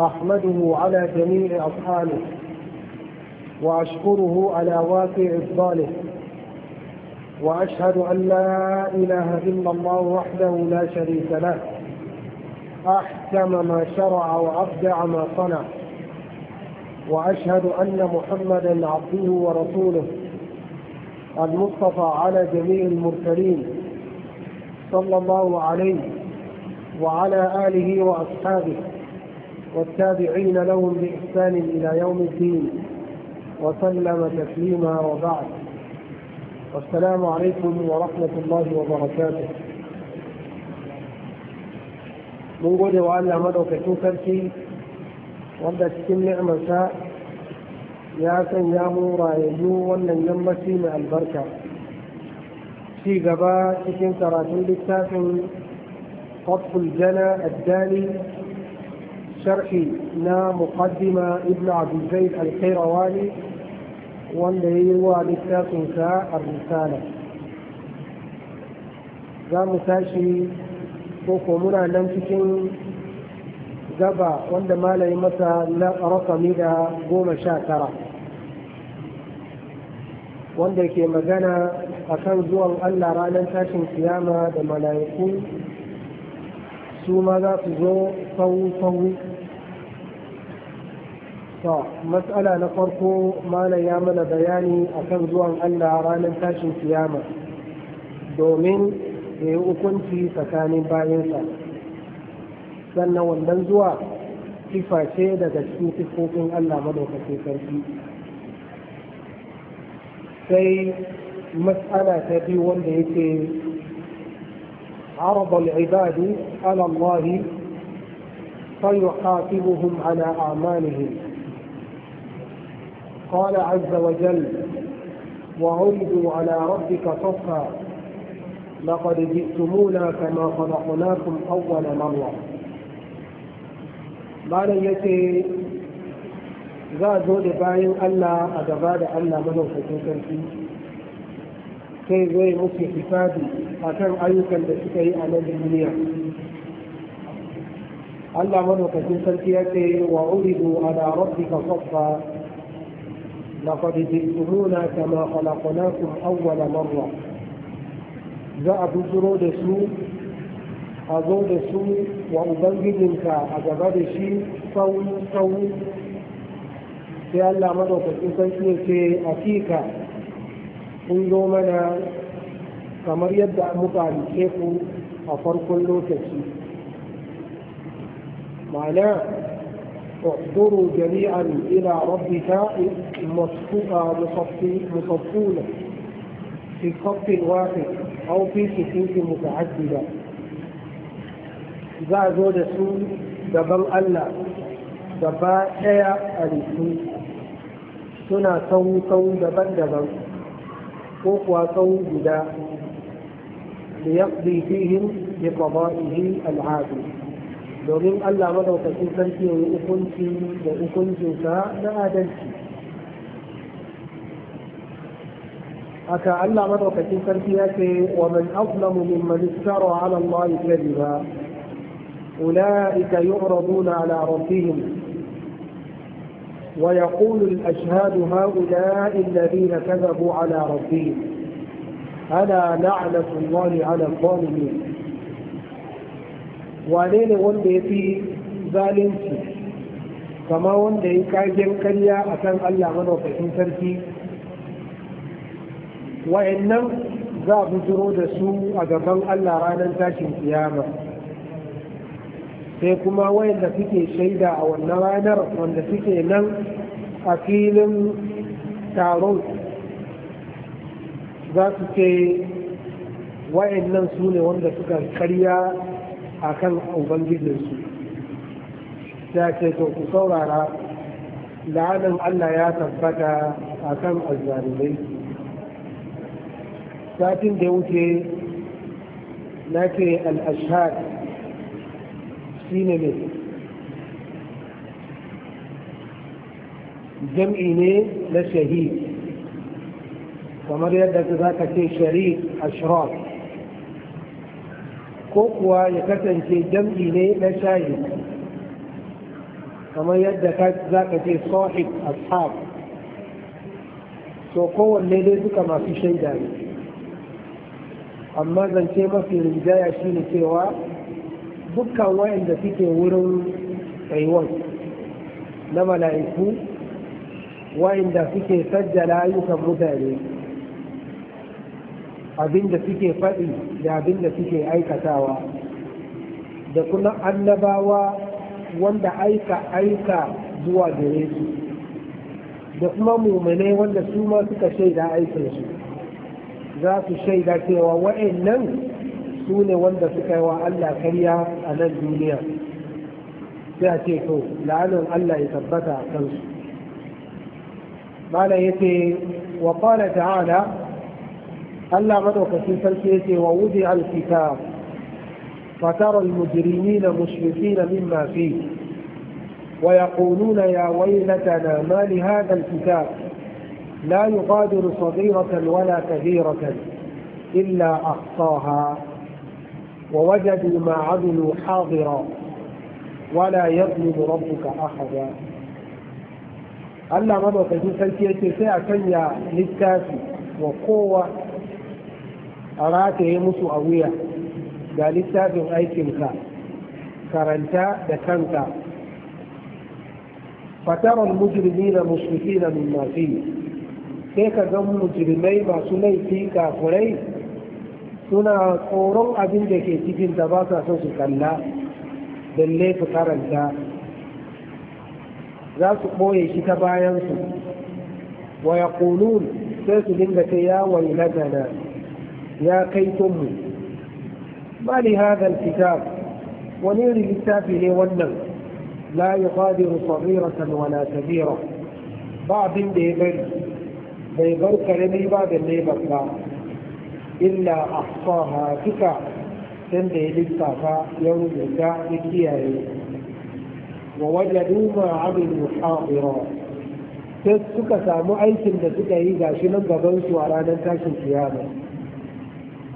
أحمده على جميع أصحابه وأشكره على واقع إفضاله وأشهد أن لا إله إلا الله وحده لا شريك له أحكم ما شرع وأبدع ما صنع وأشهد أن محمدا عبده ورسوله المصطفى على جميع المرسلين صلى الله عليه وعلى آله وأصحابه والتابعين لهم بإحسان إلى يوم الدين وسلم تسليما وبعد والسلام عليكم ورحمة الله وبركاته من قد وعلى مدو كتوكر كي وانت تكن نعمة ساء يا سن يا مورا يجو ونن يمسي مع البركة في غباء تكن تراتون بالتاكن قطف الجنة الداني sharhi na muqaddima ibn Abdulzai zaid al-khairawani wanda ya yi wa littafinsa a risala za mu tashi ko muna nan cikin gaba wanda malayi masa na rakami da goma sha tara wanda ke magana a kan zuwan allah ranar tashin kiyama da mala'iku su ma za su zo sau-sau مسألة نفرق ما لا يعمل بياني أكد زوان ألا عرانا تاش سياما دومين يؤكن في سكاني بايسا سنة والنزوى كيف شيدة تشكيك خوف ألا مدو كثيرتي سي مسألة تبي وليك عرض العباد على الله فيحاسبهم على أعمالهم قال عز وجل وعودوا على ربك صفا لقد جئتمونا كما خلقناكم أول مرة بعد أن يتي ذا زود ألا أدباد ألا منه فتوكا في كي زي مكي حفادي أكام أيوكا لكي أنا بالمنيا ألا منه فتوكا في يتي وعودوا على ربك صفا لقد جئتمونا كما خلقناكم أول مرة زعبوا زرو دسو أزو دسو وأبنجد انك أجب دشي سو سو في ألا مدو تسوكي في أكيكا انزو منا كما يدع مطال كيفو أفر كل معناه احضروا جميعا إلى ربك آه، مصفونا في خط واحد أو في سكوت متعددة إذا زود سوء دبل ألا دبا إيا أليسو سنة سوء سوء دبل دبل فوقوا سوء جدا ليقضي فيهم بقضائه العادل domin Allah madaukakin sarki ya yi hukunci da hukuncinsa na adalci Aka Allah madaukakin sarki ya ce wa man min man istara ala Allah kadhiba أولئك يعرضون على ربهم ويقول الأشهاد هؤلاء الذين كذبوا على ربهم ألا لعنة ala al-zalimin wane ne wanda ya fi zalunci kama wanda ya kagen karya a kan Allah madaukakin sarki wayannan za a bujiro da su a gaban Allah ranar tashin kiyama sai kuma wayanda suke shaida a wannan ranar wanda suke nan a filin taron za su ce wayannan su ne wanda suka karya a kan ubangijinsu ta ce to ku saurara la'anin allah ya tabbata a kan azzalumai satin da wuce na ce al'ashad shi ne ne jam'i ne na shahid kamar yadda za ka ce shari'a ashraf ko kuwa ya kasance jam'i ne na shayi kamar yadda za ka ce sahib ashab to kowanne dai suka masu shaida ne amma zance mafi rinjaya shine cewa dukkan wayanda suke wurin tsayuwan na mala'iku wayanda suke sajjala ayyukan mutane abin da suke faɗi da abin da suke aikatawa da kuma annabawa wanda aika aika zuwa gare su da kuma mumune wanda su ma suka shaida aikinsu za su shaida cewa nan su ne wanda suka yi wa Allah karya a nan duniya sai a ce to la'anin Allah ya tabbata a kansu. Mala ya ce, wa ta'ala ألا madaukakin في yake ووضع الكتاب فترى المجرمين مشركين مما فيه ويقولون يا ويلتنا ما لهذا الكتاب لا يغادر صغيرة ولا كبيرة إلا أخطاها ووجدوا ما عملوا حاضرا ولا يظلم ربك أحدا ألا madaukakin في yake sai a وقوة a rataye musu a wuya ga littafin aikinka karanta da kanka fataron mujirmi na musulmi na mummafi sai ka ga mujirmai masu laifi kafurai suna tsoron abin da ke cikin da ba sa son su kalla don laifi karanta za su ɓoye shi ta bayansu wa ya sai su dinga ta yawon lagana يا كيتم ما لهذا الكتاب ونير كتابه والنم لا يغادر صغيرة ولا كبيرة بعض ديبر ديبر كلمي بعض ديبر لا إلا أحصاها تكا سندي للتافة يوم الداء لكياه ووجدوا ما عملوا حاضرا تسكت مؤيس أيسن تسكت إيجا شنن قبلت وعلى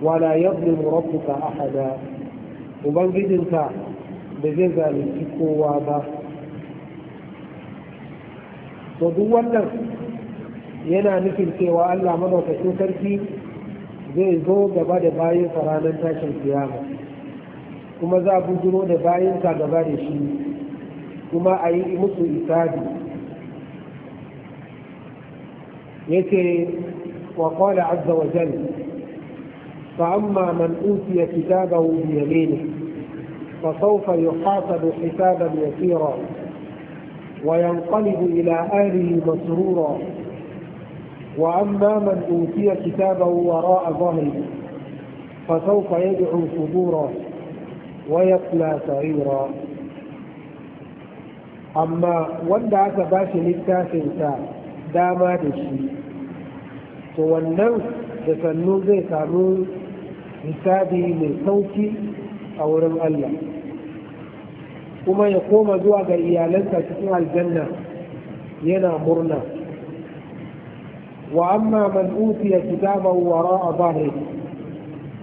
wala yadhlimu rabbuka ahada ubangijinka da zai zalunci kowa ba to duk wannan yana nufin cewa Allah madaukakin sarki zai zo gaba da bayan ranar tashin kiyama kuma za bujiro da bayan gaba da shi kuma a yi musu isabi yake wa qala azza wa jalla فأما من أوتي كتابه بيمينه فسوف يحاسب حسابا يسيرا وينقلب إلى أهله مسرورا وأما من أوتي كتابه وراء ظهره فسوف يدعو صدورا ويتلى سعيرا أما wanda عسى ba shi دام هذا الشيء فوالنوس to wannan da hisabi mai sauki a wurin Allah kuma ya koma zuwa ga iyalansa cikin aljanna yana murna wa amma man utiya kitabahu a zahiri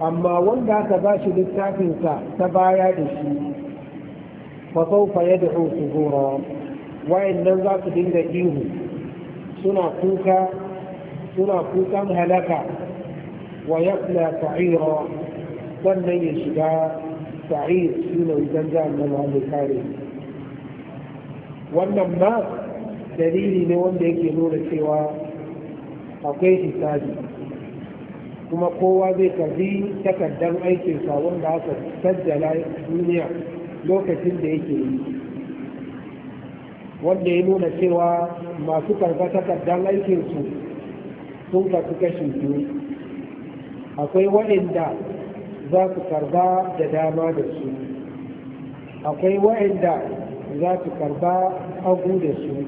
amma wanda aka ba shi littafinsa ta baya da shi fa sawfa yad'u subura wayannan za su dinga ihu suna kuka suna kukan halaka ويصلى سعيرا sannan ya shiga sa'ir shi ne wajen jami'an wanda kare wannan ma dalili ne wanda yake nuna cewa akwai hisabi kuma kowa zai karbi takardar aikinsa wanda aka sajjala duniya lokacin da yake yi wanda ya nuna cewa masu karka takardar aikinsu sun karbi kashi biyu akwai waɗanda za su karba da dama da su akwai waɗanda za su karba hagu da su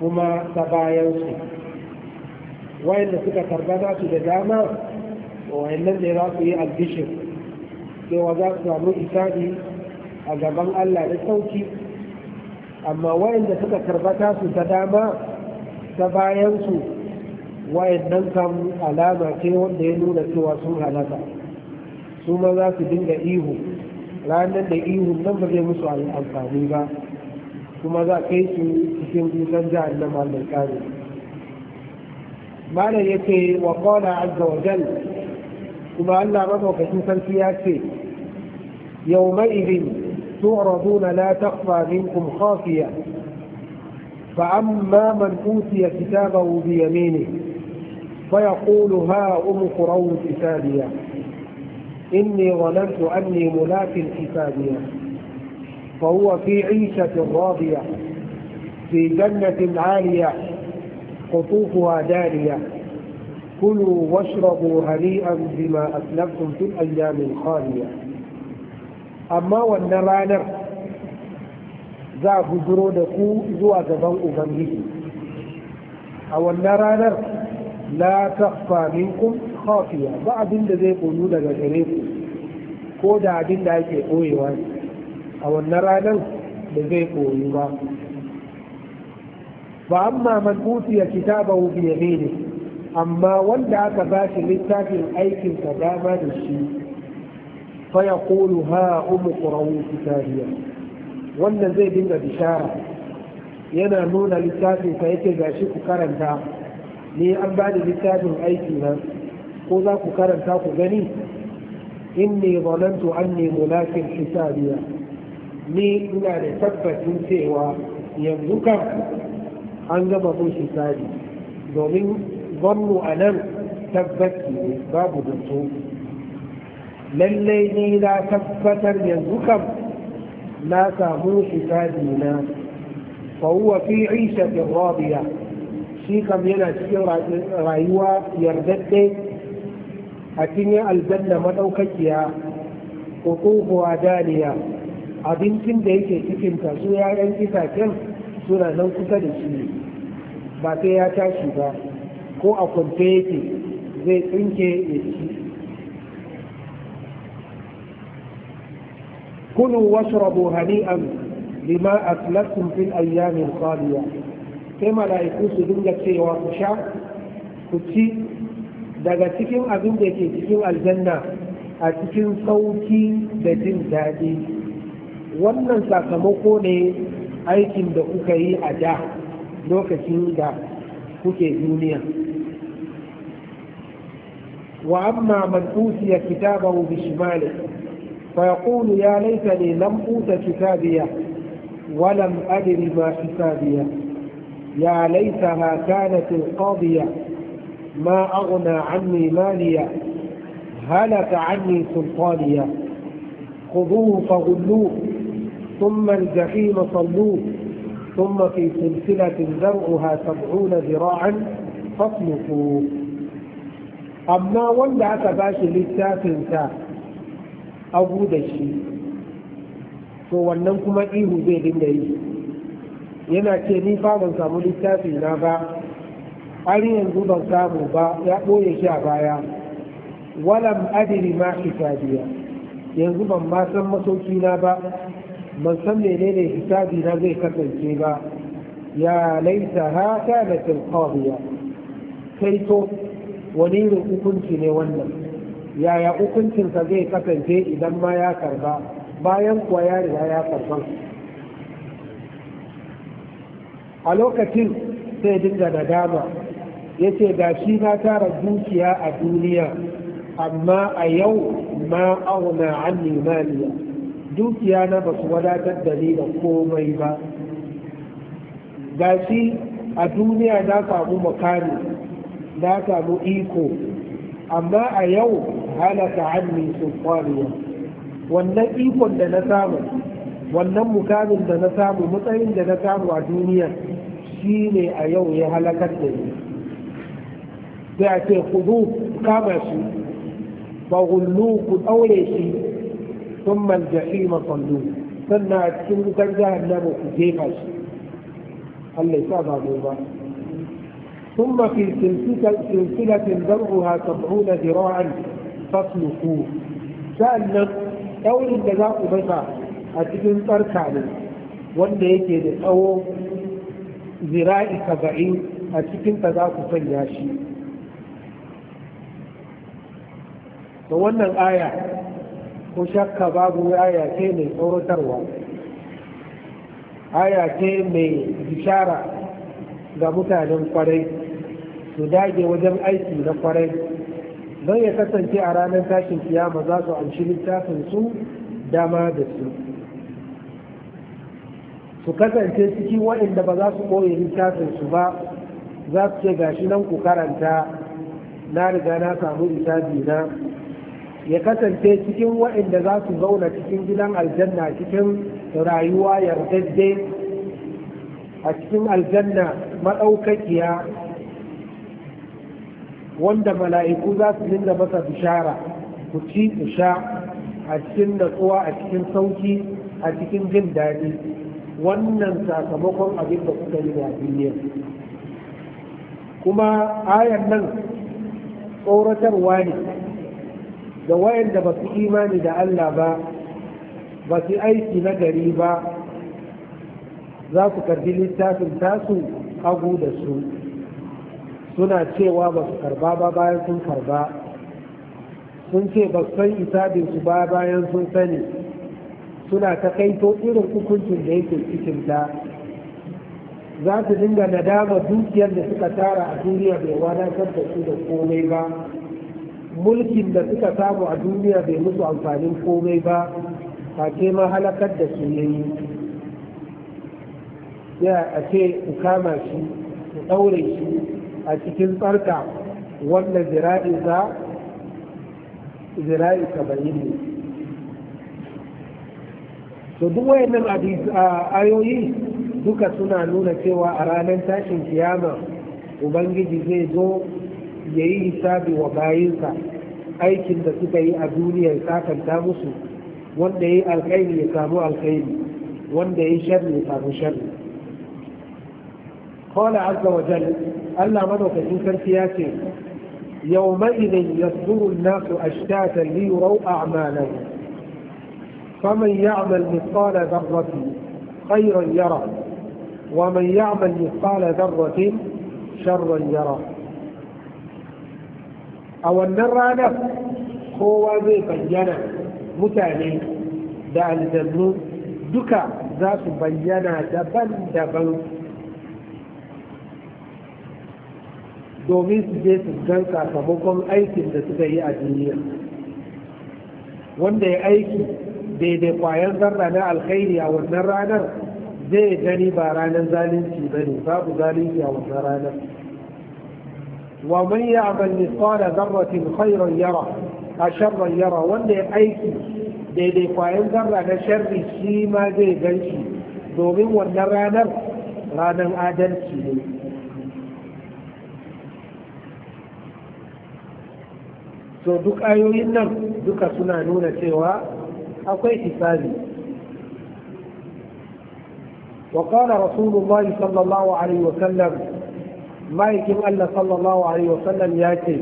kuma ta bayansu waɗanda suka karba za su da dama waɗannan ne za su yi Sai cewa za su samu isa'i a gaban Allah da sauki amma waɗanda suka karba ta su ta dama ta bayansu wayannan kam alama ce wanda ya nuna cewa sun halaka su ma za su dinga ihu ranar da ihu nan ba zai musu amfani ba kuma za kai su cikin dutsen jahannama mai kare malam yake wa qala azza wa jalla kuma Allah madaukakin sarki ya ce yawma'idin تعرضون لا تخفى منكم خافية فأما من أوتي كتابه بيمينه فيقول ها أم قرون حسابية إني ظننت أني ملاك حسابية فهو في عيشة راضية في جنة عالية قطوفها دانية كلوا واشربوا هنيئا بما أسلفتم في الأيام الخالية أما والنرانر نرى a bujiro da ضوء ذنبه أو Ubangiji. نرى la takfa minkum kafiya ba abin da zai koyu daga gare ku ko da abin da ake koyewa a wannan ranar da zai koyu ba Ba amma man utiya kitaba bi amma wanda aka ba shi littafin aikin ka dama da shi fa ya kulu ha umu ƙurawu kitabiya wannan zai dinga bishara yana nuna littafin ka yake gashi ku karanta ni an ba da littafin aiki na ko za ku karanta ku gani inni zanantu anni mulakin hisabiya ni ina da tabbacin cewa yanzu kan an gaba mun hisabi domin zannu a nan tabbaci ne babu zato lallai ni na tabbatar yanzu kan na samu hisabi na fa huwa fi 'ishatin radiya shi kam yana cikin rayuwa yardadde a cikin aljanna madaukakiya kutuhuwa daniya abincin da yake cikin taso su yayan itacen suna nan kusa da shi ba sai ya tashi ba ko a kwanta yake zai tsinke ya ci كلوا واشربوا هنيئا a أسلفتم fil ayyamin الخالية sai mala'iku su dinga cewa ku sha ku ci daga cikin abin da ke cikin aljanna a cikin sauki da jin daɗi wannan sakamako ne aikin da kuka yi a da lokacin da kuke duniya wa amma man utiya kitabahu bi shimali fa yaqulu ya laitani lam uta kitabiya wa lam adri ma kitabiya يا ليتها كانت القاضية ما أغنى عني ماليا هلك عني سلطانيا خذوه فغلوه ثم الجحيم صلوه ثم في سلسلة ذرعها سبعون ذراعا فاطلقوه أما ولا تباش ba shi littafinsa abu فولنكم إيه to wannan yana ce ni fa ban samu littafi na ba har yanzu ban samu ba ya ɓoye shi a baya walam adiri ma hisabiya yanzu ban ma san masauki na ba ban san menene hisabi na zai kasance ba ya laita ha ta da tilkawiya sai to wani irin hukunci ne wannan yaya hukuncinsa zai kasance idan ma ya karba bayan kuwa ya riga ya karban a lokacin sai dinga nadama ya ce ga shi na tara dukiya a duniya amma a yau ma auna an limaniya dukiya na ba su wadatar da ni da komai ba ga shi a duniya na samu makami na samu iko amma a yau halaka hannu su kwariya wannan ikon da na samu wannan mukamin da na samu matsayin da na samu a duniya shi ne a yau ya halakar da ni sai a ce kudu kama shi ba hullu ku ɗaure shi sun maljahi masallu sannan a cikin wutar jahannama ku jefa shi Allah ya sa ba ba ثم في سلسلة, سلسلة درعها سبعون ذراعا فاسلكوه sannan ɗaurin da za ku bata a cikin tsarka ne wanda yake da tsawo zira'i saba'in a cikinta za ku sanya shi da wannan aya ko shakka babu aya ce mai tsoratarwa aya ce mai bishara ga mutanen kwarai su dage wajen aiki na kwarai don ya kasance a ranar tashin kiyama za su amshi littafin su dama da su su kasance cikin waɗanda ba za su ɓoye littafin su ba za su ce gashi nan ku karanta na riga na samu littafi na ya kasance cikin waɗanda za su zauna cikin gidan aljanna cikin rayuwa yardajje a cikin aljanna maɗaukakiya wanda mala'iku za su dinga masa bishara ku ci ku sha a cikin natsuwa a cikin sauki a cikin jin daɗi wannan sakamakon abin da kuka yi da duniya kuma ayan nan tsoratarwa ne da wayanda ba su imani da Allah ba ba su aiki na gari ba za su karbi littafin tasu hagu da su suna cewa ba su karba ba bayan sun karba sun ce ba san isabinsu ba bayan sun sani suna ta kaito irin hukuncin da yake ta za su dinga nadama dukiyar da suka tara a duniya bai wadatar da su da komai ba mulkin da suka samu a duniya bai musu amfanin komai ba face ma halakar da su yayi ya a ce ku kama shi ku ɗaure shi a cikin tsarka wannan zira'i za zira'i saba'in ne to duk wayannan ayoyi duka suna nuna cewa a ranar tashin kiyama ubangiji zai zo ya yi hisabi wa bayinsa aikin da suka yi a duniya ya sakanta musu wanda ya yi alkhairi ya samu alkhairi wanda ya yi shari ya samu sharri قال عز وجل ألا منو كثير سياسي يومئذ يصدر الناس أشتاتا a أعمالهم فمن يعمل مثقال ذرة خيرا يرى ومن يعمل مثقال ذرة شرا يرى أو النرى نفس هو ذي بينا متالي دع الذنوب دكا ذات بينا دبن دبن domin su je su gan sakamakon aikin da suka daidai kwayar zarra na alkhairi a wannan ranar zai gani ba ranar zalunci ba ne babu zalunci a wannan ranar wa man ya'mal mithqala zarratin khairan yara a sharran yara wanda ya aiki daidai kwayan zarra na sharri shi ma zai gan domin wannan ranar ranar adalci ne To duk ayoyin nan duka suna nuna cewa akwai فاذي وقال رسول الله صلى الله عليه وسلم ما يكيب ألا صلى الله عليه وسلم ياتي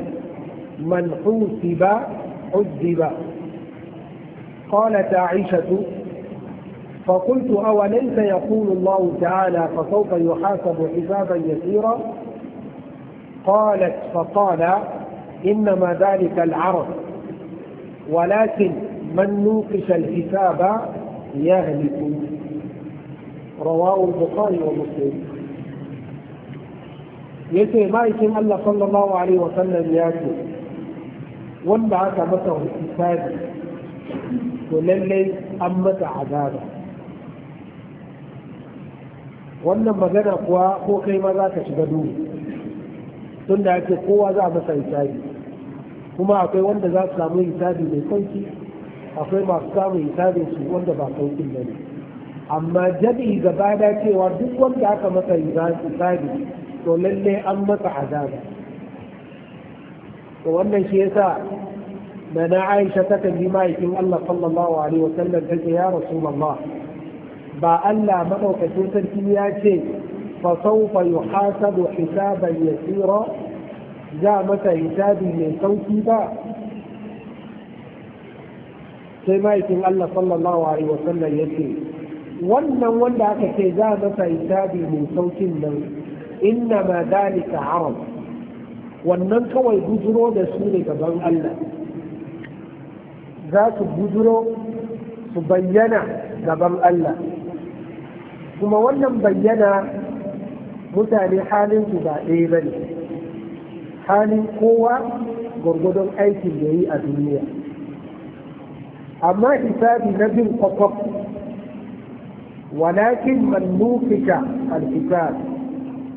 من حوسب عذب قالت عائشة فقلت أوليس يقول الله تعالى فسوف يحاسب حسابا يسيرا قالت فقال إنما ذلك العرض ولكن من نوقش الحساب يهلك رواه البخاري ومسلم yace ma'aikin Allah sallallahu alaihi wa sallam ya ce wanda aka masa hisabi to lallai an masa azaba wannan magana kuwa ko kai ma za ka shiga duhu tunda ake kowa za a masa hisabi kuma akwai wanda za su samu hisabi mai kwanci? akwai masu samun hisabin su wanda ba saukin da ne amma jabi gaba da cewa duk wanda aka masa hisabi to lallai an masa azaba to wannan shi yasa da na aisha ta kan yi ma'aikin Allah sallallahu alaihi wa ta ce ya rasulullah ba Allah madaukakin sarki ya ce fa sawfa yuhasabu hisaban yasira za masa hisabi mai sauki ba sai ma'aikin Allah sallallahu alaihi wa sallam ya wannan wanda aka ce za a masa hisabi mai saukin nan inna ma dalika haram wannan kawai guzuro da su ne gaban Allah za su guzuro su bayyana gaban Allah kuma wannan bayyana mutane halin su ba ɗaya ba ne halin kowa gwargwadon aikin da yi a duniya amma hisabi na bin kwakwaf walakin man nufika alhisab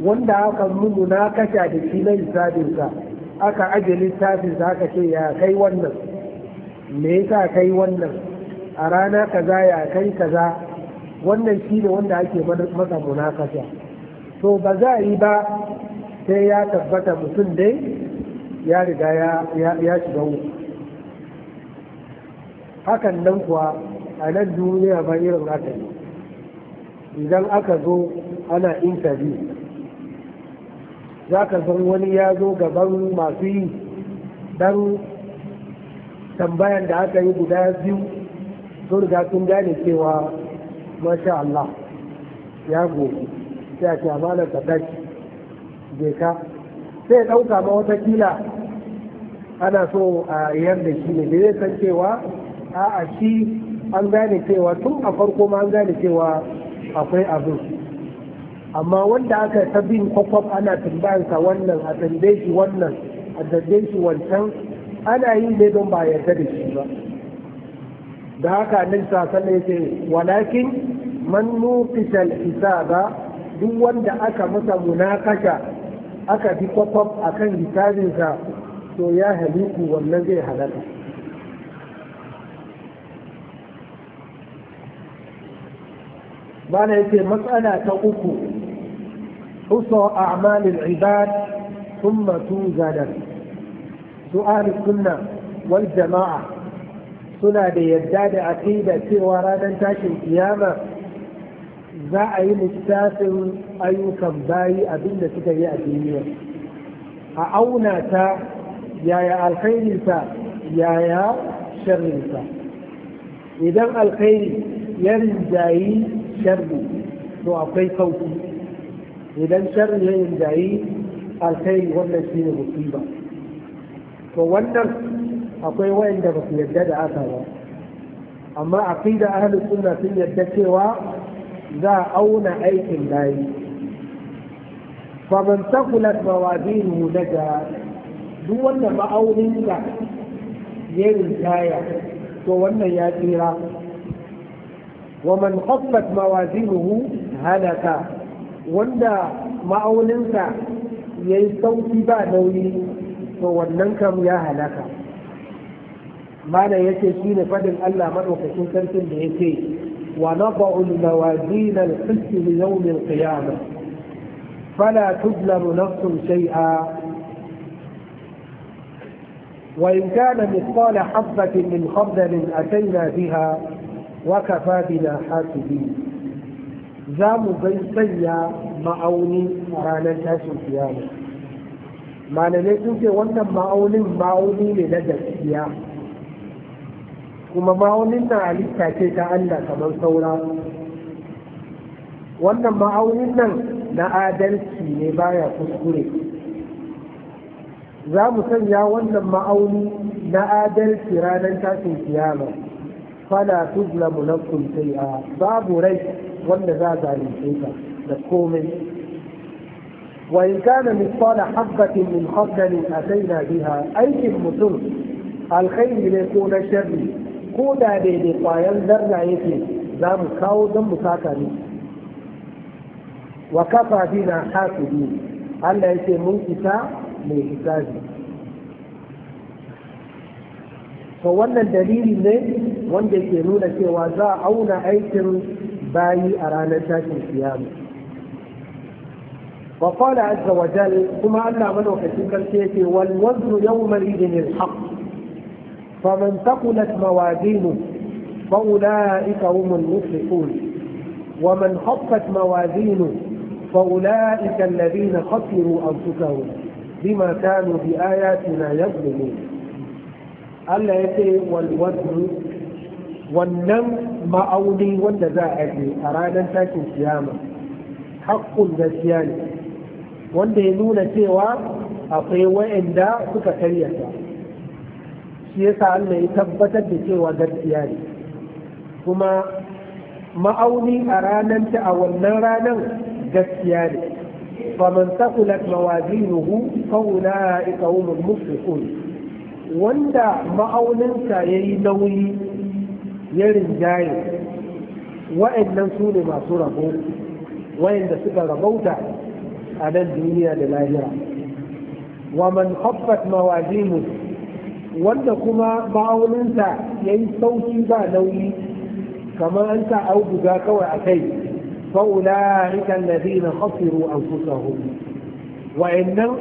wanda aka munu na kasha da shi na hisabinsa aka aje lissafinsa aka ce ya kai wannan me yasa kai wannan a rana kaza ya kai kaza wannan shi ne wanda ake masa munakasa to ba za a yi ba sai ya tabbata mutum dai ya riga ya shiga wuta hakan nan kuwa a nan duniya ba irin haka ne idan aka zo ana intabi za ka san wani ya zo gaban masu yi dan tambayan da aka yi guda biyu sun riga sun gane cewa masha Allah ya gobe sai a ce a ka dace je ka sai ɗauka ma wata kila. ana so a yar da shi ne da zai san cewa a'a shi an gane cewa tun a farko ma an gane cewa akwai abin amma wanda aka ta bin kwakwaf ana tambayansa wannan a tambaye shi wannan a tambaye shi wancan ana yin ne don ba yarda da shi ba da haka nan sa sanne ce walakin man nufisa hisaba duk wanda aka masa munakasha aka bi kwakwaf akan hisabinsa to ya haliku wannan zai halaka mana yake matsala ta uku husa a'malil ibad thumma tuzana su ahli sunna wal jama'a suna da yadda da aqida cewa ranar tashin kiyama za a yi lissafin ayyukan bayi abinda suka yi a duniya a auna ta yaya alkhairinsa yaya sharrinsa idan alkhairi ya rinjayi sharri to akwai sauki idan sharri ya rinjayi alkhairi wannan shi ne musiba to wannan akwai wayanda ba su yarda da aka ba amma da ahlus suna sun yarda cewa za a auna aikin layi faman takulat na daga duk wannan ma'aunin da ya rinjaya to wannan ya tsira ومن خفت موازينه هلك wanda ma'auninsa ya yi sauki ba nauyi to wannan kam ya halaka mana ya ce shi ne fadin Allah maɗaukacin sarkin da ya ce wa naba'ul mawazin al-qist li yawm al-qiyamah fala tuzlamu nafsun shay'a وإن كان مثقال حبة من خردل أتينا بها waka bina hasibi za mu bai sanya ma'auni a ranar tashin kiyama malamai sun ce wannan ma'aunin ma'auni ne na gaskiya kuma ma'aunin na halitta ce ta Allah kamar saura wannan ma'aunin nan na adalci ne baya kuskure za mu sanya wannan ma'auni na adalci ranar tashin kiyama fala tuzlamu nafsun shay'a babu rai wanda za zalunce ta da komai wa in kana mithqala habatin min khardalin ataina biha aikin mutum alkhairi ne ko na sharri ko da daidai kwayan zarra yake za mu kawo don mu saka ne wa kafa bina hasidi Allah ya ce mun isa mai hisabi to wannan dalili ne wanda ke nuna cewa za a auna aikin bayi a ranar tashin kiyama wa qala azza wa jal kuma Allah madaukakin karshe yake wal wazru yawma idin al haqq man taqulat mawazinu fa ulaika humul muflihun wa man khaffat mawazinu fa ulaika alladhina khasiru anfusahum bima kanu bi ayatina yadhlimun Allah ya ce walwadu wannan ma'auni wanda za a yi a ranar tashin siyama haƙƙun gaskiya ne wanda ya nuna cewa akwai wa'anda suka karyata shi yasa Allah ya tabbatar da cewa gaskiya ne kuma ma'auni a ranar ta a wannan ranar gaskiya ne faman sakulat mawazinuhu fa ulaika humul muflihun wanda ma'auninsa ya yi nauyi ya rinjaye wa'annan su ne masu rabo wa'anda suka rabauta a nan duniya da lahira wa man haffat mawazinu wanda kuma ma'auninsa ya yi sauki ba nauyi kamar an sa auduga kawai a kai na fa'ula'ikan ladina khasiru anfusahum wa'annan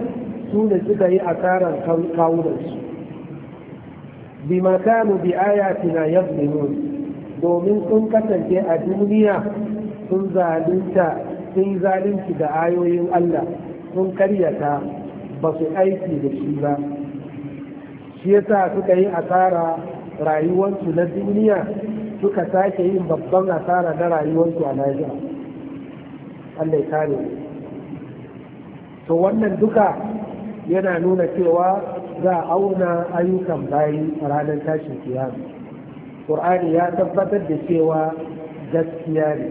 su ne suka yi asarar kawunansu bima kanu bi ayatina yazlimun domin sun kasance a duniya sun zalunta sun zalunci da ayoyin Allah sun karyata ba su aiki da shi ba shi yasa suka yi asara rayuwarsu na duniya suka sake yin babban asara na rayuwarsu a Najeriya Allah ya kare to wannan duka yana nuna cewa za a auna ayyukan bayi a ranar tashin kiyama qur'ani ya tabbatar da cewa gaskiya ne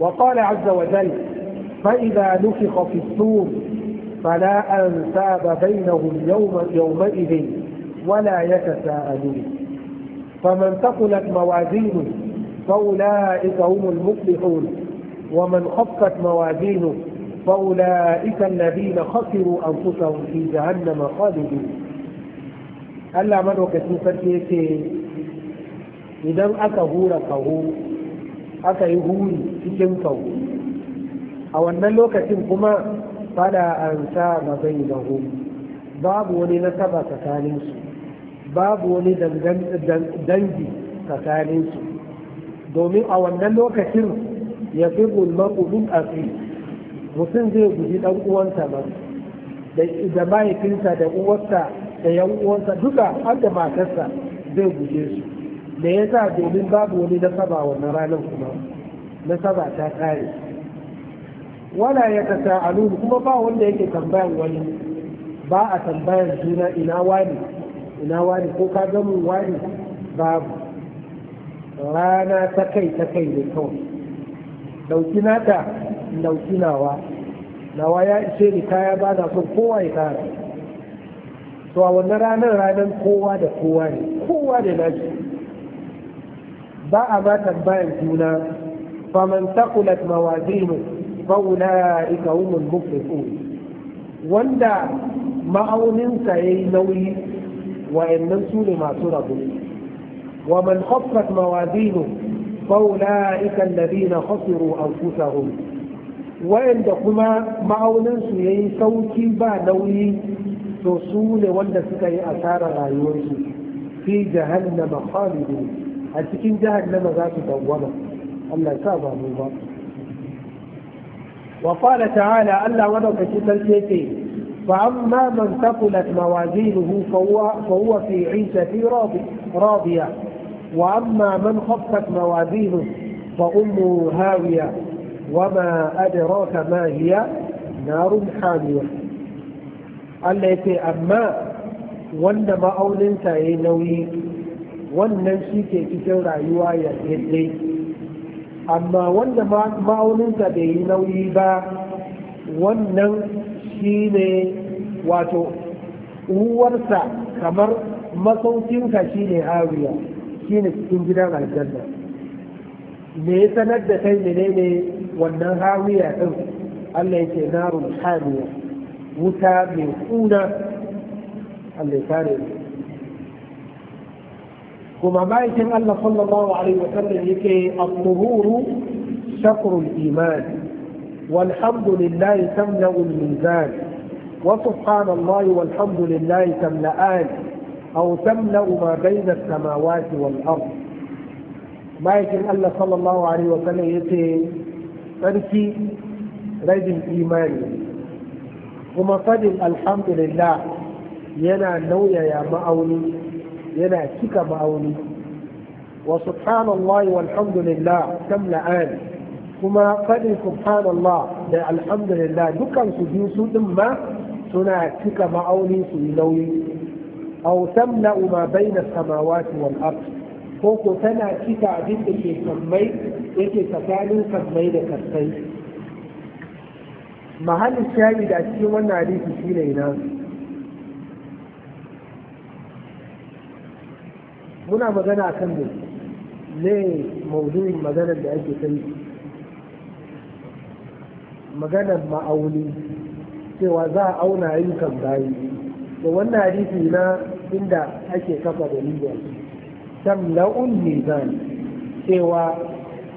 wa qala azza wa jalla fa idza nufikha fi sur فلا أنساب بينهم يوم يومئذ ولا يتساءلون فمن ثقلت موازينه فأولئك هم المفلحون ومن خفت موازينه فأولئك الذين خسروا أنفسهم في جهنم خالدون Allah madaukakin sarki ya ce idan aka hura kaho aka yi huri cikin kaho a wannan lokacin kuma fada an sa mabai da babu wani nasaba tsakaninsu babu wani dangi tsakaninsu domin a wannan lokacin ya fi gulma ƙudun asiri mutum zai guji ɗan uwansa ba da mahaifinsa da uwarsa da yan uwansa duka har da matarsa zai guje su da ya sa domin babu wani saba wannan ranar kuma nasaba ta tsare wala ya kasa aluhu kuma ba wanda yake tambayan wani ba a tambayan juna ina wani ina wani ko ka gamu wani babu rana ta kai ta kai ne kawai dauki nata dauki nawa nawa ya ishe ni kaya ba na son kowa ya kara to a wannan ranar ranar kowa da kowa ne kowa da nashi ba a ma tambayan juna faman taqulat mawazinu fa ulaika humul muflihun wanda ma'auninsa yayi nauyi wa'annan su ne masu rabu wa man khaffat mawazinu فأولئك الذين خسروا أنفسهم وإن دقما معونا سيئي سوكي با نوي تصول ولا سكي أثار غايوه في جهنم خالدون أتكين جهنم ذات دوما الله سابع مبارك وقال تعالى ألا ولو كتب الكيتين فأما من ثقلت موازينه فهو, فهو في عيشة راضية وأما من خفت موازينه فأمه هاوية وما أدراك ما هي نار حامية التي أما wanda ma'auninsa ya yi nauyi wannan shi ke cikin rayuwa ya daidai amma wanda ma'auninsa bai yi nauyi ba wannan shi ne wato uwarsa kamar masaukinka shi ne hariya shine cikin gidan aljanna me ya sanar da kai ne ne wannan hawiya din Allah yake narun hamiya wuta mai kuna Allah ya kare kuma ma'aikin Allah sallallahu alaihi wa sallam yake at-tuhuru shakrul iman والحمد لله تملأ الميزان وسبحان الله والحمد لله تملأان أو تملأ ما بين السماوات والأرض ma'aikin Allah sallallahu Alaihi wasallam ya ce tsarki rajin imani kuma fadin alhamdulillah yana nauyaya ma'auni yana cika ma'auni wa subhanallah walhamdulillah tamla'an kuma fadin subhanallah da alhamdulillah dukansu biyu su ɗin ma suna cika ma'auni su yi nauyi aw tamna'u ma bayna samawati wal ard ko ko tana cika abin da ke sammai yake tsakanin sammai da kasai mahallin shayi da cikin wannan hadisi shine na muna magana akan ne ne maudu'in maganar da ake kai maganar ma'auni cewa za a auna ayyukan bayi da wannan hadisi na inda ake kafa da dalilin la'un mizan cewa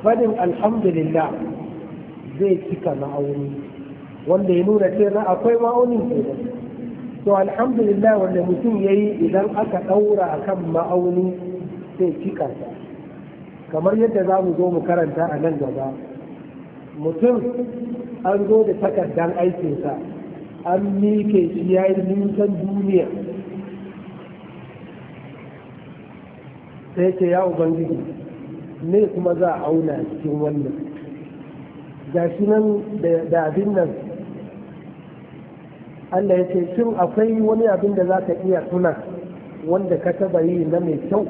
fadin alhamdulillah zai cika ma'auni wanda ya nuna cewa akwai ma'aunin to alhamdulillah wanda mutum ya yi idan aka ɗaura akan ma'auni sai cika kamar yadda za mu zo mu karanta a nan gaba mutum an zo da takardar aikinsa an mike shi ya yi nisan duniya sai ce ya ubangiji ne kuma za a auna cikin wannan ga shi nan da abin nan Allah ya ce shin akwai wani abin da za ka iya tuna wanda ka taba yi na mai kyau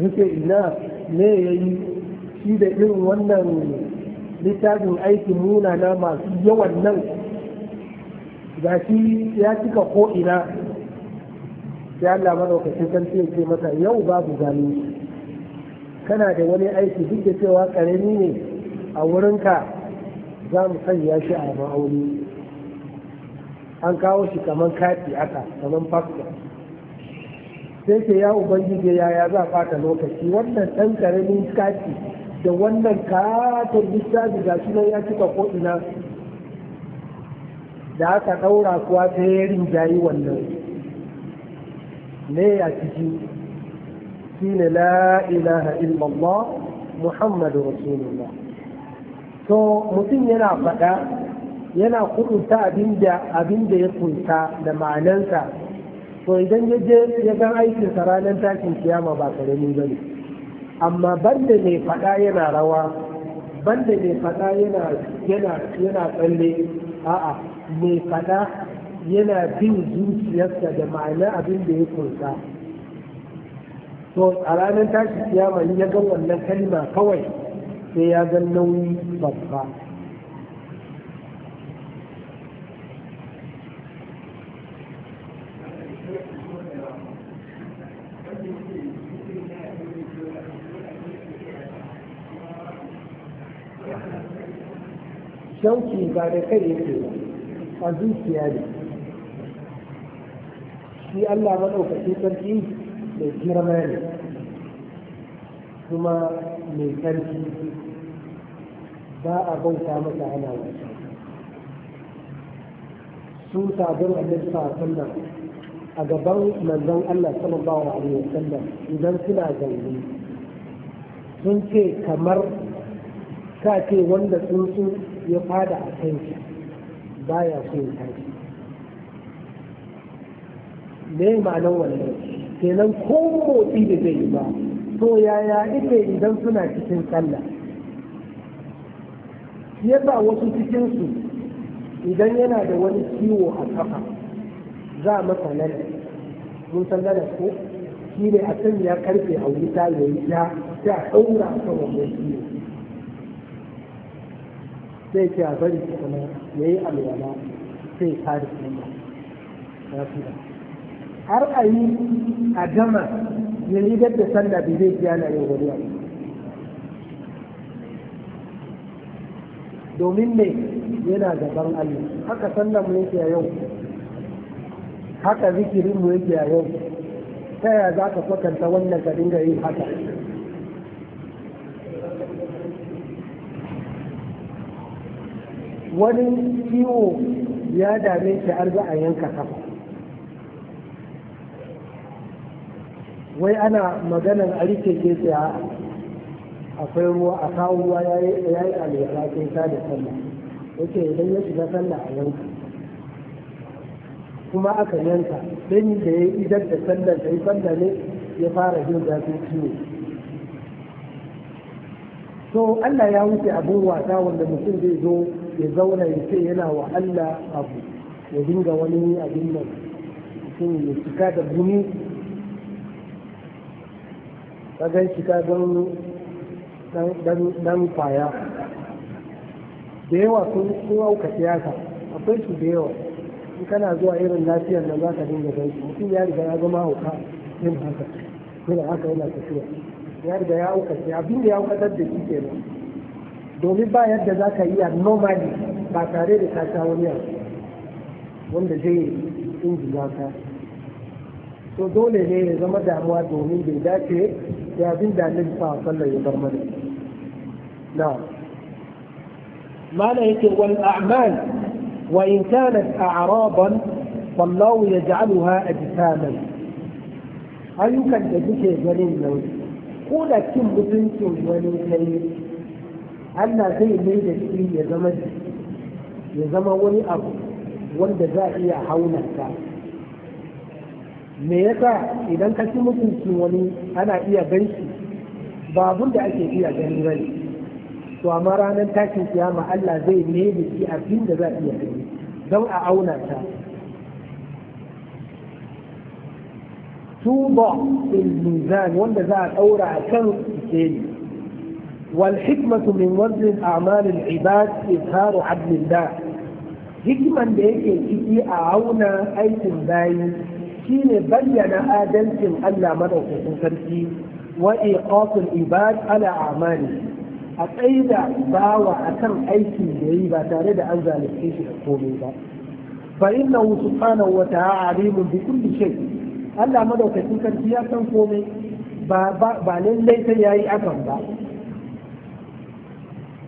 yake ina ne ya yi shi da irin wannan littafin aikin munana masu yawan nan ga shi ya cika ko'ina ya Allah madaukakin kan ya ce masa yau babu gani kana da wani aiki duk da cewa ƙarami ne a wurinka za mu sanya shi a ma'auni an kawo shi kamar kati aka kamar fasfa sai ke ya ubangiji ya za fata lokaci wannan ɗan ƙaramin kati da wannan katon littafi ga shi ya cika ko'ina da aka ɗaura kuwa ta yi rinjayi wannan ne a ciki shi ne la ilaha illallah muhammadu rasulullah to mutum yana faɗa yana kuɗuta abin da ya kunta da ma'anansa to idan ya je ya gan aikinsa ranar takin kiyama ba karami ba ne amma banda mai faɗa yana rawa banda mai faɗa yana tsalle a'a mai fada yana bin zuciyarsa da ma'ana abin da ya kunsa to a ranar tashi kiyama ya ga wannan kalma kawai sai ya ga nauyi babba shauki ba da kai yake ba a zuciya ne shi Allah maɗaukacin sarki mai girma kuma mai sarki ba a bauta masa ana wasa sun sabon annabi sallallahu a gaban manzon Allah sallallahu alaihi wasallam idan suna zaune sun ce kamar ka ce wanda tsuntsu ya fada a kanki baya so ya tashi me ma'anar wannan kenan ko motsi da zai yi ba to yaya ita idan suna cikin sallah ba wasu cikin su idan yana da wani ciwo a kafa za masa lana mun san ko shi ne a sanya karfe a wuta ya yi ta ta a kan wannan ciwo sai ce a bari su kuma ya yi alwala sai kare kuma ya fi har a yi a gama ya yi da sanda bi zai ji ana yin wani abu domin ne yana gaban Allah haka sannan mu yake a yau haka zikirin mu yake a yau ta yaya za ka kwatanta wannan ka dinga yin haka wani ciwo ya dame shi har za a yanka kafa wai ana maganar a rike gefe a akwai ruwa a kawo ruwa ya yi alwala sai ta da sallah yake idan ya shiga sallah a yanka kuma aka yanka don da ya idan da sallar ta yi sallah ne ya fara jin zafin ciwo to Allah ya wuce abin wasa wanda mutum zai zo ya zauna ya ce yana wa Allah abu ya dinga wani abin nan mutum ya cika da gumi kagan cika don kwaya da yawa sun auka siyasa akwai su da yawa in kana zuwa irin lafiyar nan za ka dinga gan mutum ya riga ya zama hauka yin haka yana haka yana tafiya ya riga ya auka abin da ya aukatar da shi kenan domin ba yadda za ka iya normally ba tare da ka wani abu wanda zai injina ka to dole ne ya zama damuwa domin bai dace da abin da nan sa sallar ya bar mana na mana yake wal a'mal wa in kanat a'raban wallahu yaj'aluha ajsaman ayyukan da kuke ganin nan ko da cin mutuncin wani kai Allah zai mai da shi ya zama ya zama wani abu wanda za a iya haunanta me yasa idan ka ci mutuncin wani ana iya gan shi ba abun da ake iya gani ba ne to amma ranar tashin kiyama Allah zai mai da shi abin da za a iya gani don a auna ta tuba il wanda za a daura a kan sikeli والحكمة من وزن أعمال العباد إظهار عدل الله da yake ciki a hauna aikin bayi shine bayyana adalcin Allah madaukakin sarki wa iqatul ibad ala a'mali a tsaida bawa akan aikin da yi ba tare da an zalunce shi da komai ba fa innahu subhanahu wa ta'ala alimun bi kulli shay Allah madaukakin sarki ya san komai ba lallai sai yayi akan ba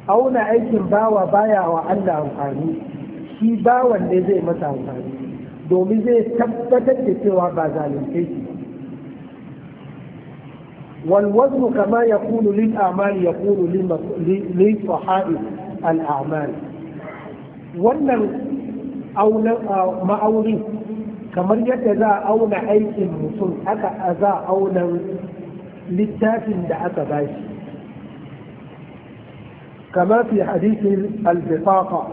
auna aikin bawa baya wa Allah amfani shi bawan ne zai masa amfani domin zai tabbatar da cewa ba zalunce shi والوزن كما يكون للأعمال يكون لصحائف الأعمال wannan ma'auni kamar yadda za a auna aikin mutum haka a za a auna littafin da aka bashi كما في حديث البطاقة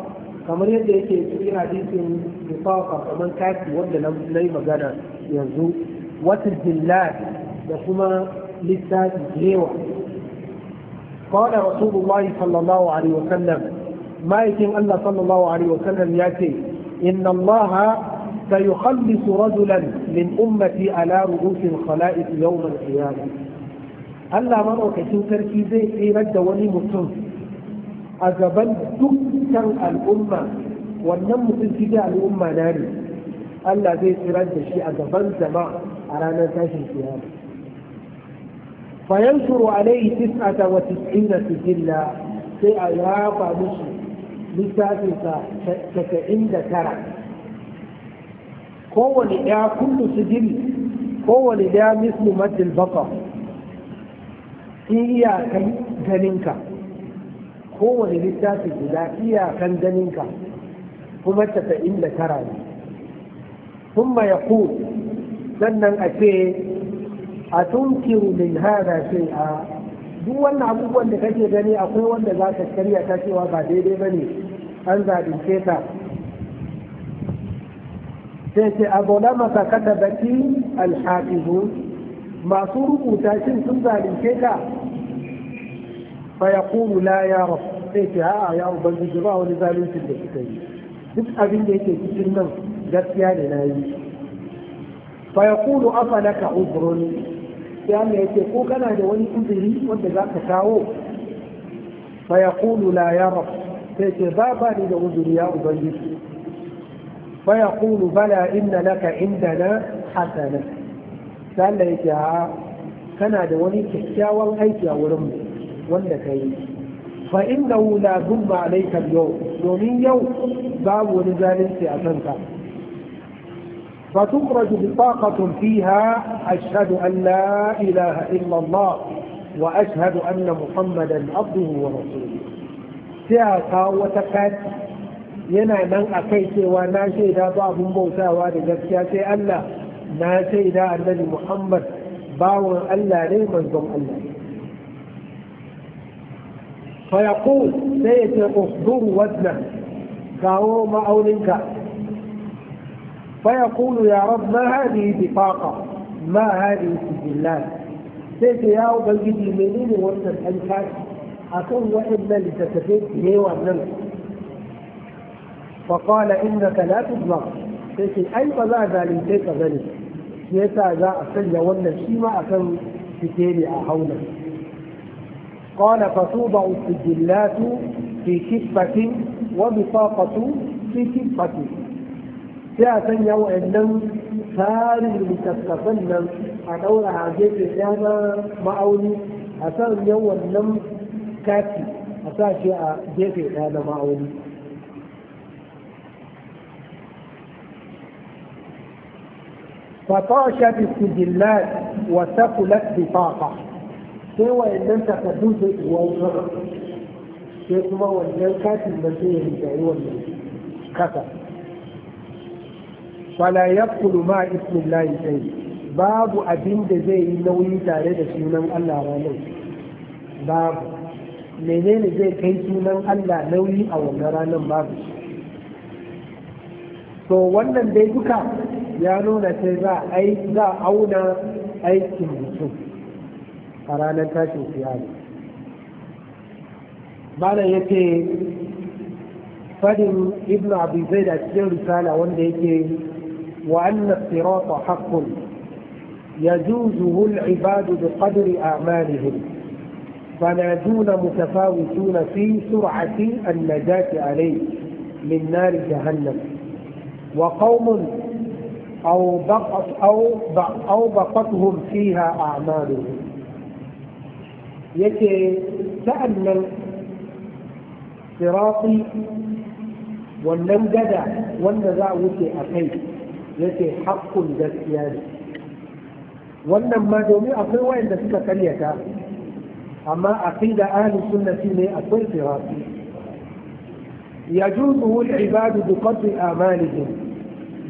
كما yadda yake cikin hadisin bifafa kamar kati wanda na yi magana yanzu wata jillad da قال رسول الله صلى الله عليه وسلم ما يتم أن صلى الله عليه وسلم ياتي إن الله سيخلص رجلا من أمتي على رؤوس الخلائف يوم القيامة الله مرة كثير تركيزي في إيه رد ولي مسلم a gaban dukkan al'umma wannan mutum cikin al'umma na ne Allah zai tsirar da shi a gaban zama a ranar tashin kiyama fayanshuru a tis'ata wa tis'ina sijilla sai a yafa musu lissafinsa tasa'in da tara kowane ɗaya kullu sijil kowane ɗaya mislu madil baka in kai ganinka kowane littafi guda kan ganinka kuma casa'in da tara ne sun ya ku sannan a ce a tunkiru min hada sai a duk wannan abubuwan da kake gani akwai wanda za ka karya ta cewa ba daidai ba ne an zaɓince ta sai ce a zola masa kata baki alhafizu masu rubuta shin sun zaɓince ta Fayakulu la ya rabb sai ce a'a ya ubangiji ba wani zalunci da kika yi duk abin da yake cikin nan gaskiya ne na yi Fayakulu yaqulu afalaka udrun sai Allah ce, ko kana da wani uzuri wanda za ka kawo Fayakulu la ya rabb sai ce ba ba ni da uzuri ya ubangiji fa yaqulu bala inna laka indana hasana sai Allah yake kana da wani kyakkyawan aiki a wurin mu wanda ka yi fa inna la zulma alayka yau domin yau babu wani zalunci a kanka fa tukhraju bitaqatun fiha ashhadu an la ilaha illa Allah wa ashhadu anna Muhammadan abduhu wa rasuluhu sai a kawo wata kati yana nan a kai cewa na shaida ba abun bautawa da gaskiya sai Allah na shaida annabi Muhammad bawon Allah ne manzon Allah فيقول سيت اصدر وزنه فهو ما أولنك فيقول يا رب ما هذه بطاقة ما هذه سجلات سيت يا الجد المنين وزن الحنفات أكون وإما لتتفيد هي وزنك فقال إنك لا تظلم سيت أيضا فما ذلك ذلك سيت ذا أسلي والنشيمة أكون في تيري أحولك قال فتوضع السجلات في كفة وبطاقة في كفة ساعة يو أنم فار المتكفن أدور عجيب ما أولي أسان يو أنم كافي أسان شيء عجيب ما أولي فطاشت السجلات وثقلت بطاقة sai wayannan takardun sai su wani sai kuma wannan katin da sai ya rinjaye wannan kasa fala yaqulu ma ismillahi sai babu abin da zai yi nauyi tare da sunan Allah ranar babu menene zai kai sunan Allah nauyi a wannan ranar babu to wannan dai duka ya nuna sai za a auna aikin a ranar tashin kiyama malam ya ce fadin ibn abu zai da cikin risala wanda yake wa annar anna sirata ya yajuzuhu al-ibadu da a ba bi qadri a'malihim فنادون متفاوتون في سرعة النجاة عليه من نار جهنم وقوم أو بقت أو أو بقتهم فيها أعمالهم yake sa'annan sirafi wannan gada wanda za a wuce a kai yake haƙƙun gaskiya ne wannan ma domin akwai wayanda suka karyata amma aqida ahli sunnati ne akwai sirafi yajuzu al-ibadu bi qadri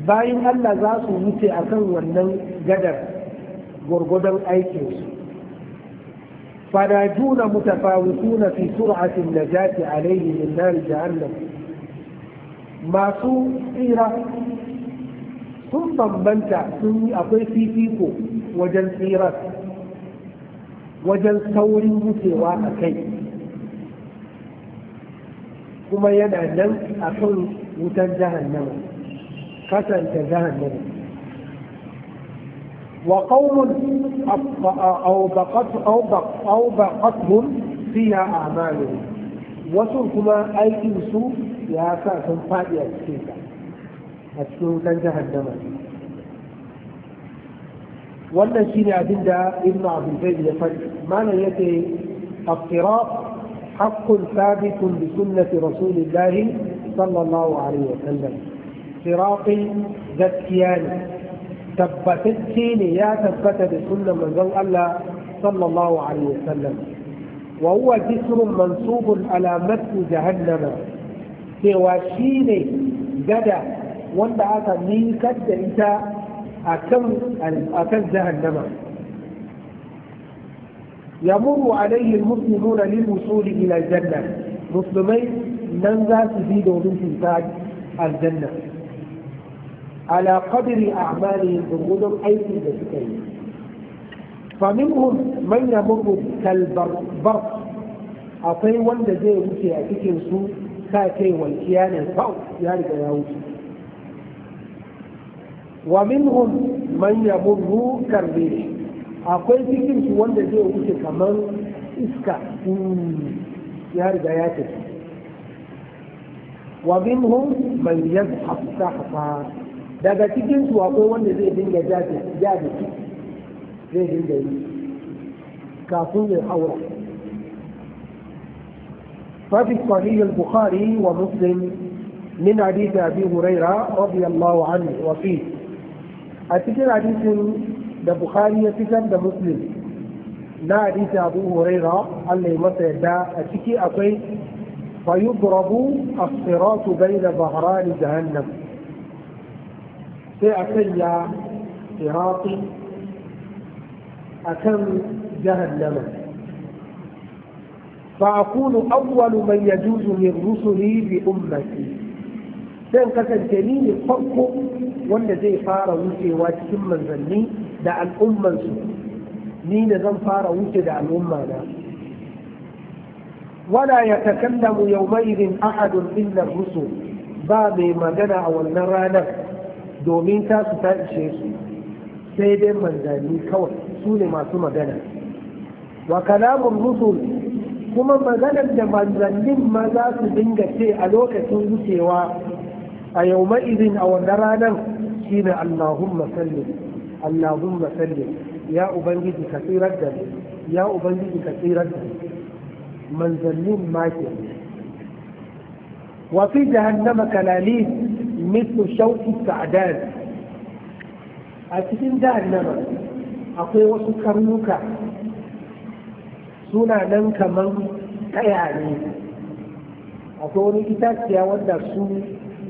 bayan Allah za su wuce akan wannan gadar gwargwadon aikinsu فناجون متفاوتون في سرعة النجاة ع عليه من نار جهنم ما صورة قيل ثم ضمنت سوء اطيسي فيكو وجل سيرت وجل ثور سواك ي ثم ينعى النوم اكل متن جهنم قتل جهنم وقوم أوبقت أوبق أوبقتهم فيها أعمالهم وسركما أي إنسو يا كاسم فادي أشكيكا أشكيكا جهنم wannan shi ne abin da ibn abin zai ya faɗi malam ya ce aftiraf hakkun sabitun bi sunnati rasulillahi sallallahu alaihi wa sallam firaqin gaskiya ne tabbatacce ne ya tabbata da sunan manzon Allah sallallahu alaihi wasallam wa huwa jisrun mansubun ala matni jahannama cewa shine gada wanda aka minkar da ita akan kan jahannama yamuru alaihi almuslimuna lil wusuli ila Aljanna. musulmai nan za su bi domin su aljanna ala qadri a'mali gurgudun aiki da suka yi faminhum man yamurru kal bar akwai wanda zai wuce a cikin su ka kai walkiya ne sau ya riga ya wuce wa minhum man yamurru karbe akwai cikin su wanda zai wuce kamar iska ya riga ya tafi wa minhum man yazhab sahfa daga cikin su akwai wanda zai dinga jaje jaje zai dinga yi kafin ya haura ففي صحيح البخاري ومسلم من حديث ابي هريره رضي الله عنه وفيه اتكر حديث ده بخاري يتكر ده مسلم لا حديث ابو هريره اللي متى ده اتكي اقوي فيضرب الصراط بين ظهران جهنم فأتي عراقي أكم جهنم فأكون أول من يجوز من رسلي لأمتي سين كتن تنين الفرق وانا زي فارا وشي واتكم من ذني دع الأمة نين ذن فارا وشي دع الأمة ولا يتكلم يومئذ أحد إلا الرسل بابي ما جنع والنرانك domin ta su ta ishe su sai dai manzanni kawai su ne masu magana wa kalamun rusul kuma maganar da manzannin ma za su dinga ce a lokacin wucewa a yau ma'izin a wannan ranar shine Allahumma sallim Allahumma sallim ya ubangiji ka tsirar da ya ubangiji ka tsirar da manzannin ma ke wa fi jahannama kalalin مثل شوك السعدان أتكين جهنم أقوى وسكرنك سنة ننك من كياني أقول إتاك يا ودى سوء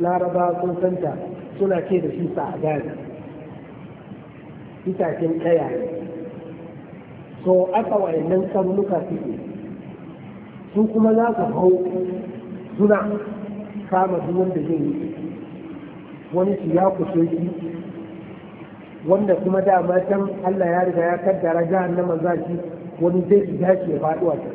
لا ربا سنتا سنة كده في سعدان إتاك كياني so aka wayannan karnuka suke su kuma za su hau suna kama duk wanda zai yi wani shi ya kushe shi wanda kuma dama can Allah ya riga ya kaddara jahannama za shi wani zai shiga shi ya faɗuwa ta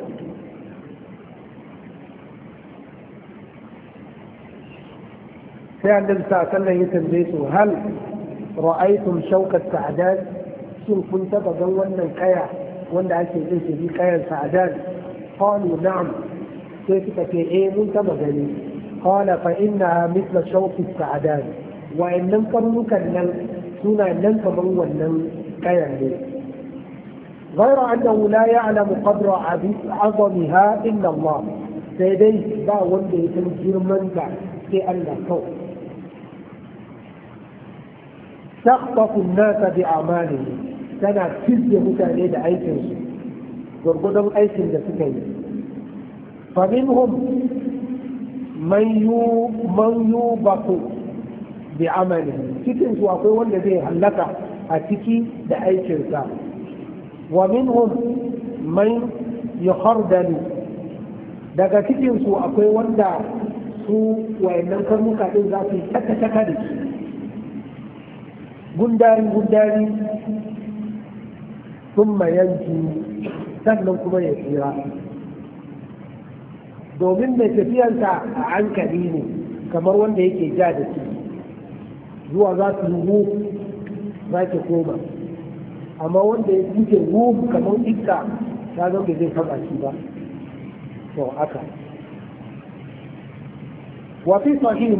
sai annabi sa sallan ya tambaye su hal ra'aytum shawqat sa'adat shin kun taba gan wannan kaya wanda ake jin shi bi kayan sa'adat qalu na'am sai suka ce eh mun taba gani qala fa innaha mithla shawqi sa'adat Waƴannan farnukan kallon suna nan kamar wannan kayan ne. Bayon andal wula ya ana muƙadara abu a agami haɗin nan wa, sai dai ba wanda ya san girman ba sai Allah ƙau. Tabbafun nan bi a malami tana fil da mutane da aikinsu, gwargwadon aikin da suka yi. Fabilhome manyu ba kula. bi amali cikin su akwai wanda zai hallaka a ciki da aikinsa wa minhum man yukhardal daga cikin su akwai wanda su wayannan karnuka din za su yi taka da shi gundari gundari sun mayanci sannan kuma ya tsira domin mai tafiyarsa a hankali ne kamar wanda yake ja da ciki zuwa za ki ruhu za ki koma amma wanda ya kuke ruhu kamar iska ta zo ke zai taba shi ba to haka wa fi sahih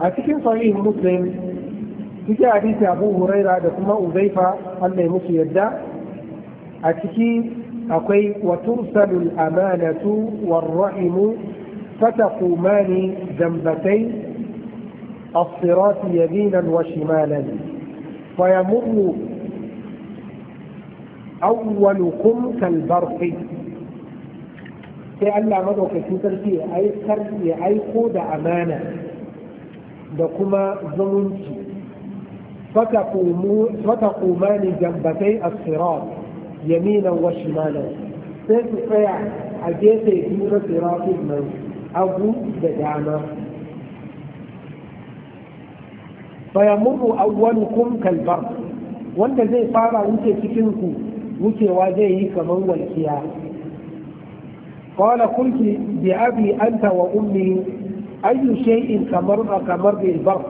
a cikin sahih muslim cikin hadisi abu huraira da kuma uzaifa allah ya musu yadda a ciki akwai wa tursalul amanatu war ra'imu فتقومان جنبتي الصراط يمينا وشمالا فيمر أولكم كالبرق sai Allah madaukakin sarki ya aikar ya aiko da amana da kuma zumunci fata kumani jambatai a sirat yaminan wa shimalan sai su tsaya a gefe biyu na siratin nan Abu da dama fayamuru awwalukum kalbar wanda zai fara wuce cikin ku wucewa zai yi kamar walkiya qala kunti bi abi anta wa ummi ayu shay'in kamar kamar bi bar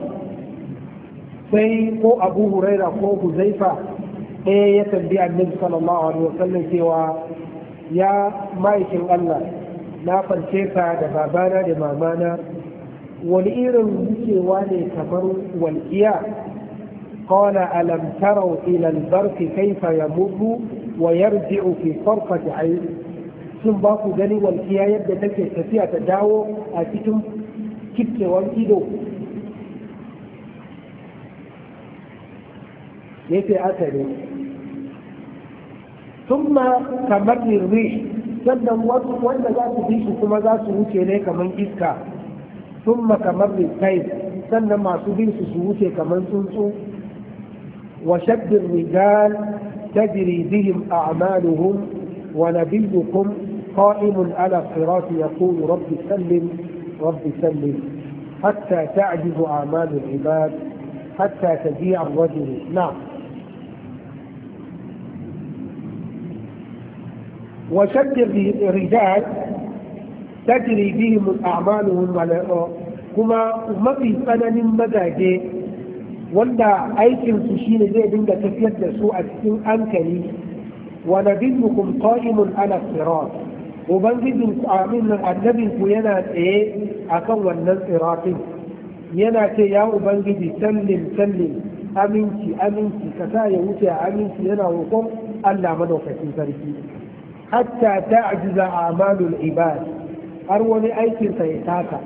sai ko abu huraira ko huzaifa ɗaya ya tambayi annabi sallallahu alaihi wasallam cewa ya ma'aikin Allah na farce ka da babana da mamana wani irin wucewa ne kamar walƙiya qala alam taraw ila al-barqi kayfa yamurru wa yarji'u fi da 'ayn sun ba ku gani walƙiya yadda take tafiya ta dawo a cikin kitkewar ido aka ne ثم كمر الريح sannan wanda za su bi shi kuma za su wuce ne kamar iska sun makamar rikai sannan masu bin su su wuce kamar tsuntsu wa shaddin rigal ta tajri a amaluhun wa nabiyukum قائم على الصراط يقول رب سلم رب سلم حتى تعجز أعمال العباد حتى تجيء الرجل نعم وشد الرجال تجري بهم أعمالهم كما ما في سنن مزاجي wanda aikinsu shi ne zai dinga tafiyar da su a cikin hankali wa nabiyukum qa'imun ala sirat ubangijin ku amin annabin ku yana tsaye akan wannan siratin yana ce ya ubangiji sallin sallin aminci aminci ka ya wuce a aminci yana roƙon Allah madaukakin sarki حتى تعجز اعمال العباد اروان ايكن سيتاكا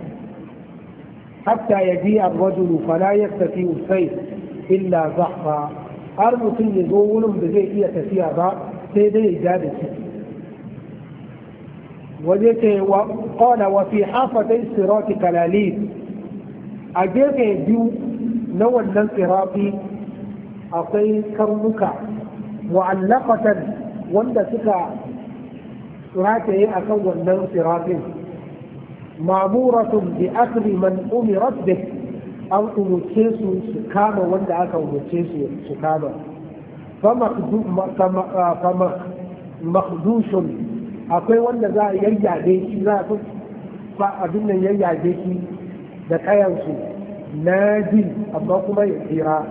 حتى يجيء الرجل فلا يكتفي السيف الا زحفا ارمتن يزول بزي ايه تسيا سيدي ايجاد وقال وفي حافتي الصراط كلاليب اجيك يجيو نوى الصراط اقيد كرمك معلقة وانت yi a kan wannan sirafin mamuratun bi akli man umirat bih an umurce su su kama wanda aka umurce su su kama Fa makdushun akwai wanda za a yayyade shi za a fa abin nan yayyade shi da kayansu na jin amma kuma ya tsira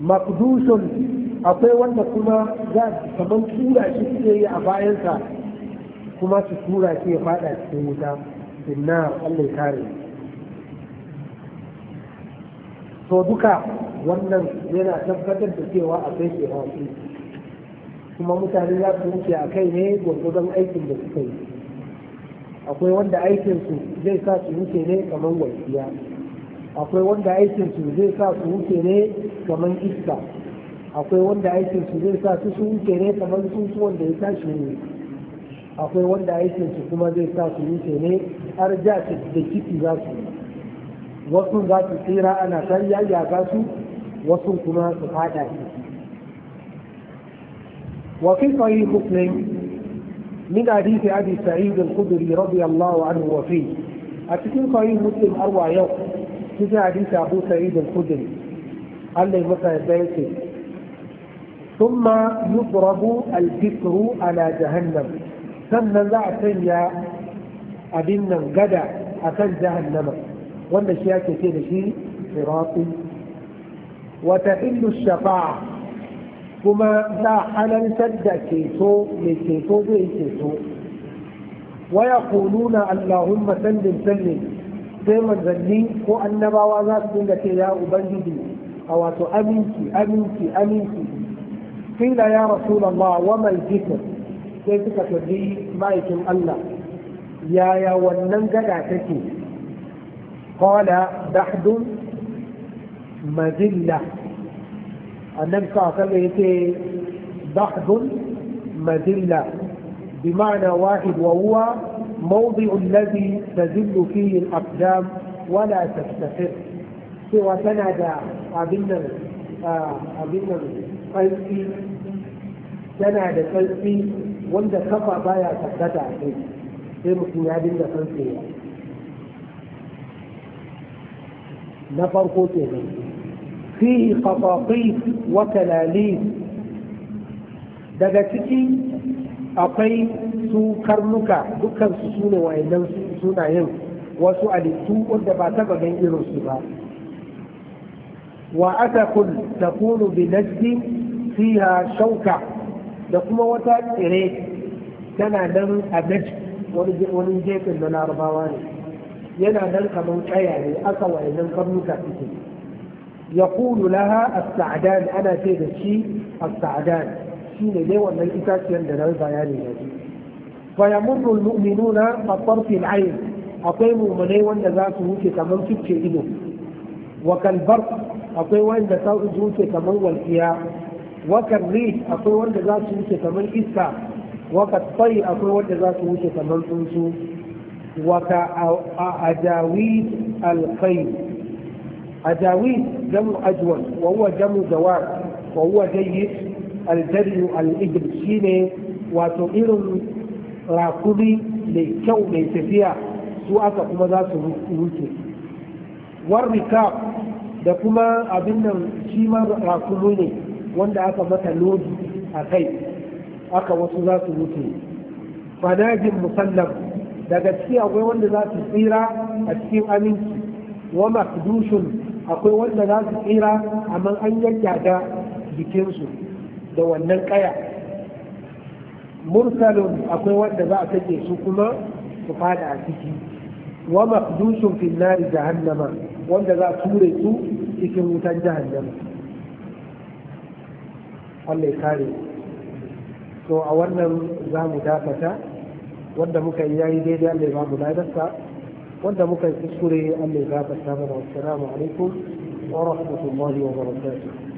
makdushun akwai wanda kuma za su kamar tura shi suke yi a bayansa kuma su tura shi ya fada cikin wuta inna Allah kare to duka wannan yana tabbatar da cewa akwai ke hafi kuma mutane za su wuce a kai ne gwargwadon aikin da suka yi akwai wanda aikinsu zai sa su wuce ne kamar walƙiya akwai wanda aikinsu zai sa su wuce ne kamar iska akwai wanda aikin su zai sa su su wuce ne kamar su wanda ya tashi ne akwai wanda aikin su kuma zai sa su wuce ne har ja da kifi za su wasu za su tsira ana ya'ya yayyaga su wasu kuma su fada ciki وفي صحيح مسلم من حديث ابي سعيد الخدري رضي الله عنه وفيه أتكين صحيح مسلم أروى يوم كذا حديث أبو سعيد الخدري قال لي متى يبيته ثم يضرب الفكر على جهنم ثم لا أتن يا أبنا قدع أتن جهنم وأن الشيء كثير شيء صراط وتحل الشفاعة كما لا حلل سد كيسو لكيسو زي كيسو ويقولون اللهم سلم سلم سيما ذني كو أن بوازات سنة يا أبنجي أو أمنك أمنك أمنك قيل يا رسول الله وما الذكر sai suka tambayi ma'aikin Allah yaya wannan gada take qala dahdun madilla annabi sallallahu alaihi yace dahdun madilla بمعنى واحد وهو موضع الذي تزل فيه الأقدام ولا تستقر سوى تنادى أبنا أبنا tsarki yana da tsarki wanda kafa baya tabbata a kai sai mutum ya dinga tsarkewa na farko ke nan fi qafafi wa kalali daga ciki akwai su karnuka dukkan su sune wayannan sunayen wasu alitu wanda ba taba gan irin su ba wa da takunu bi najdi fiha shauka da kuma wata tsire tana nan a wani jefin da larabawa ne yana nan kamar tsaya ne aka wayannan karnuka suke ya kulu laha as-sa'dan ana ce da shi as-sa'dan shine dai wannan itaciyar da nan bayani ne fa yamurru muminuna fa tarfi al akwai mu'mine wanda za su wuce kamar cucce ido wa akwai wanda sau su kamar walƙiya. wakar ri akwai wanda za su wuce kamar iska wakar tsari akwai wanda za su wuce kamar tsuntsu waka a ajawid alkhayr ajawid jamu ajwan wa jamu zawar wa huwa jayyid aljari shi ne wato irin rakumi mai kyau mai tafiya su aka kuma za su wuce warrika da kuma abin nan shi ma rakumi ne wanda aka mata lodi a kai aka wasu za su mutu fanajin musallam daga ciki akwai wanda za su tsira a cikin aminci wa makdushun akwai wanda za su tsira amma an yayyaga jikinsu da wannan kaya mursalun akwai wanda za a take su kuma su fada a ciki wa makdushun fil jahannama wanda za a ture su cikin wutan jahannama Allah ya kare to a wannan za mu dakata wanda muka yi yayi daidai Allah ya bamu ladarsa wanda muka yi kuskure Allah ya gafarta mana assalamu alaikum wa rahmatullahi wa barakatuh